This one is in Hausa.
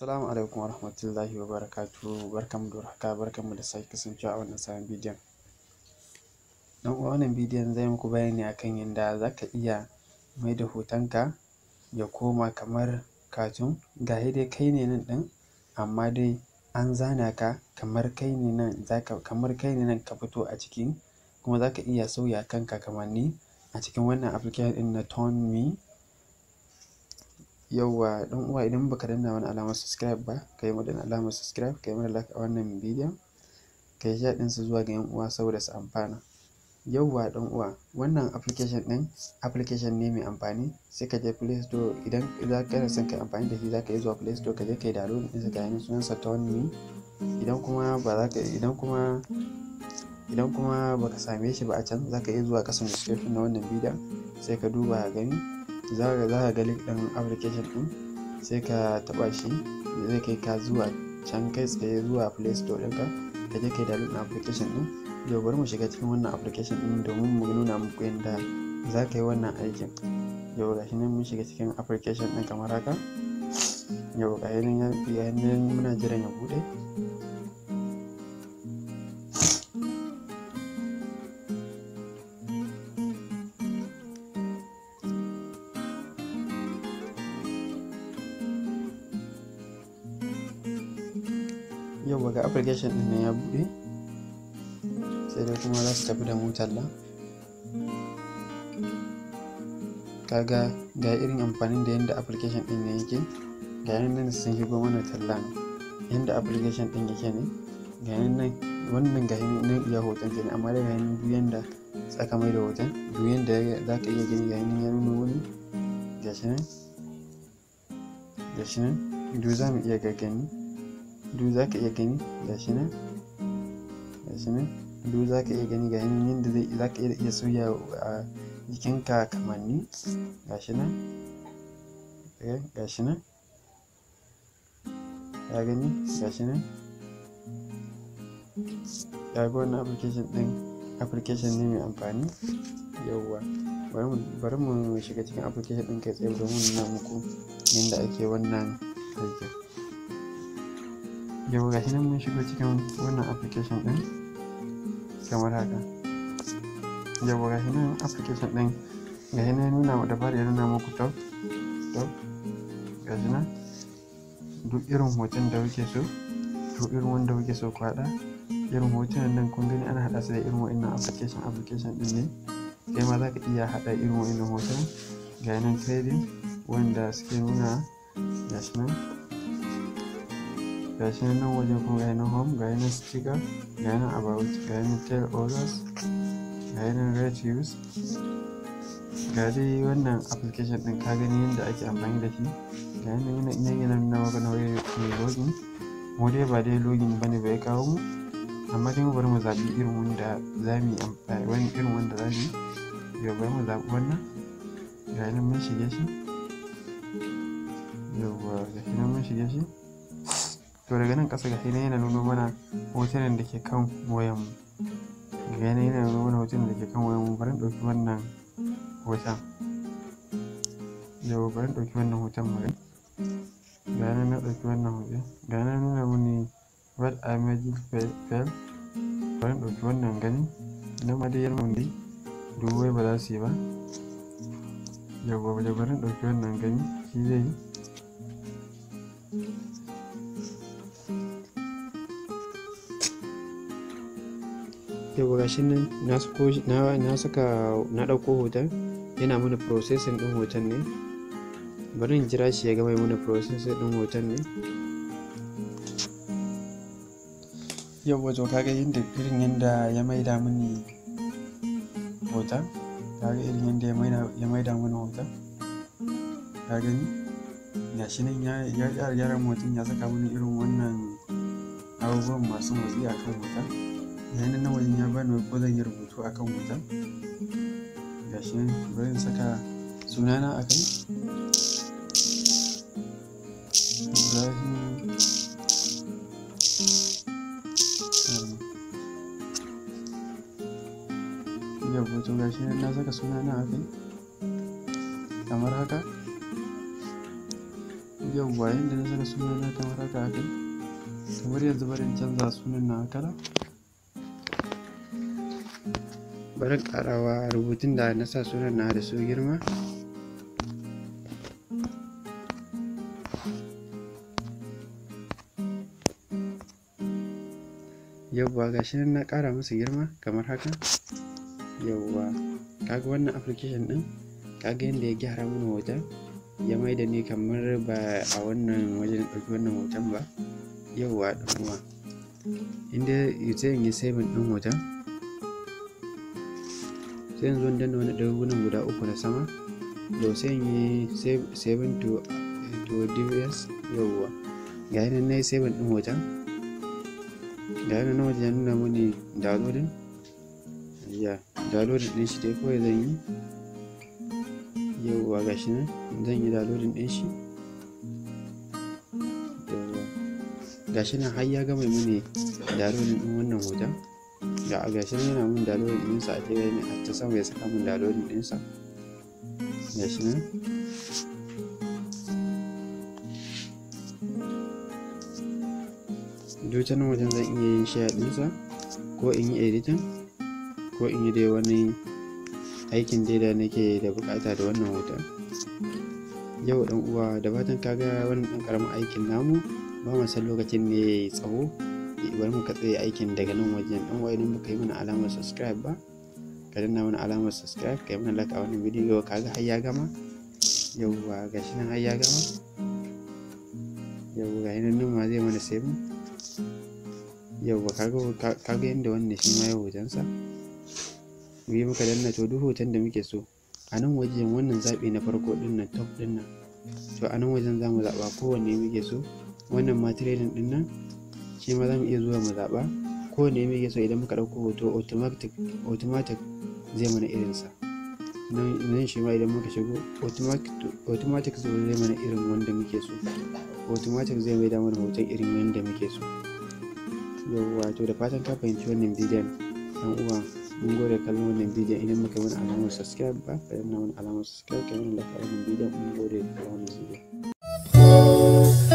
Assalamu alaikum warahmatullahi wabarakatuh barkamu da warhaka barkamu da sake kasancewa a wannan sabon bidiyon don uwa wannan bidiyon zai muku bayani akan yadda za ka iya mai da hotonka ya koma kamar katun ga dai kai ne nan din amma dai an zana ka kamar kai ne nan zaka kamar kai ne nan ka fito a cikin kuma za ka iya sauya kanka kamanni a cikin wannan application din na tone me yauwa dan uwa idan baka danna wani alamar subscribe ba ka yi mana alamar subscribe ka yi mana like a wannan bidiyon ka yi shaɗin su zuwa ga yan uwa saboda su amfana yauwa dan uwa wannan application din application ne mai amfani sai ka je play store idan za ka yana son ka amfani da shi za ka yi zuwa play store ka je ka yi download ɗinsa ka yi sunan sa idan kuma ba za ka idan kuma idan kuma baka same shi ba a can za ka yi zuwa kasan description na wannan bidiyon sai ka duba gani za ka ga link ɗin application ɗin sai ka taɓa shi zai kai ka zuwa can kai tsaye zuwa play store ɗinka ka je kai ɗin application ɗin yau bari mu shiga cikin wannan application ɗin domin mu nuna muku yadda za ka yi wannan aikin yau shi nan mun shiga cikin application ɗin kamar haka yau ga nan muna jiran ya buɗe yau ga application ɗin ya buɗe sai dai kuma za su tafi da motar talla kaga ga irin amfanin da yadda application din ne yake ga nan sun shigo mana talla ne yadda application din yake ne ga nan wannan ga nan iya hoton ne amma da ga nan duk yanda tsaka mai da hoton duk yanda za ka iya gani ga nan ya nuna wani ga shi nan ga shi nan duk za mu iya gaggani duk za ka iya gani gashi nan gashi nan duk za ka iya gani gashi nan yadda zai za ka iya soya a jikinka kamanni gashi nan eh, gashi nan ya gani gashi nan ya ga wannan application din application ne mai amfani yawwa bari mu shiga cikin application din kai tsaye domin nuna muku yadda ake wannan aikin yau ga nan mun shigo cikin wannan application din kamar haka yau ga nan application din ga nan ya nuna da bari ya nuna muku top top ga nan duk irin hoton da kuke so to irin wanda kuke so ku haɗa irin hoton nan kun gani ana haɗa su da irin wa'annan application application din ne kai ma za ka iya haɗa irin wa'annan hoton ga nan trading wanda suke nuna ga nan ga nan waje kuma ga nan home ga nan sticker ga nan about ga nan tell others ga nan red use ga dai wannan application din ka gani yadda ake amfani da shi ga nan yana ina yana nuna maka na login mu dai ba dai login bane bai kawo mu amma dai mu bari mu zaɓi irin wanda za mu yi amfani wani irin wanda za mu yi yau bari mu zaɓi wannan ga nan mun shige shi yau ga nan mun shige shi to daga nan ƙasa ga nan yana nuno mana hotunan da ke kan wayanmu ga yana yana nuno mana hotunan da ke kan wayanmu bari ɗauki wannan hoton yau bari ɗauki wannan hoton mu bari ga yana na ɗauki wannan hoton ga yana nuna mini red I magic fell bari ɗauki wannan gani na ma dai yarmu dai dubai ba za su yi ba yau ba bari ɗauki wannan gani shi zai yi ya ga shi nan na saka na ɗauko hoton yana mana processing ɗin hoton ne bari in jira shi ya gama mana processing ɗin hoton ne yau wato kaga yadda irin yadda ya maida mini hoton kaga irin yadda ya maida mini hoton ka gani ga shi nan ya gyara hoton ya saka mini irin wannan abubuwan masu motsi a kan hoton yanin wajen ya bani ko zan yi rubutu akan hoton gashi nan bari saka sunana a kai ibrahim ya hoto na saka sunana a kai kamar haka yauwa yadda na saka sunana kamar haka a kai kamar yanzu barin canza sunan na kala bari karawa rubutun da na sa sunan na da su girma yauwa ga shi na kara musu girma kamar haka yauwa kaga wannan application din kaga yadda ya gyara mana hoton ya mai da ni kamar ba a wannan wajen ɗauki wannan hoton ba yauwa ɗan uwa inda sai in yi saving ɗin hoton sai yanzu wani danna wani guda uku na sama da sai in yi 7 to dvs yawuwa ga yanar na yi 7 ɗin wajen ga yanar na wajen ya nuna muni downloading ya downloading ɗin shi dai kawai zan yi yawuwa ga shi nan zan yi downloading ɗin shi ga shi nan har ya gama muni downloading ɗin wannan hoton ga a gashi yana min downloading ɗinsa a ne mai ta sama ya saka min downloading ɗinsa gashi wajen zan iya yin share ɗinsa ko in yi editan ko in yi dai wani aikin dai da nake da bukata da wannan hoton yau dan uwa da fatan kaga wani dan karamin aikin namu ba mu san lokacin ne tsawo bari mu tsaye aikin daga nan wajen ɗan wa idan baka yi mana alamar subscribe ba ka danna mana alamar subscribe ka yi mana like a wannan bidiyo ka ga har ya gama yauwa ga shi nan har ya gama yauwa ga nan ma zai mana sai mu yauwa ka ga yadda wannan shi ma ya hotonsa mu yi muka danna to duk hoton da muke so a nan wajen wannan zaɓi na farko ɗin nan top ɗin nan to a nan wajen za mu zaɓa kowanne muke so wannan ma ɗin nan shi ma za mu iya zuwa mu zaɓa ko ne muke so idan muka ɗauko hoto automatic automatic zai mana sa nan shi ma idan muka shigo automatic zai mana irin wanda muke so automatic zai mai damar hoton irin wanda muke so yawwa to da fatan ka fahimci wannan bidiyon ɗan uwa mun gode kallon wannan bidiyon idan muka yi wani alamar subscribe ba ka yi wani alamar subscribe ka yi wani lafa wannan bidiyon mun gode kallon wannan bidiyon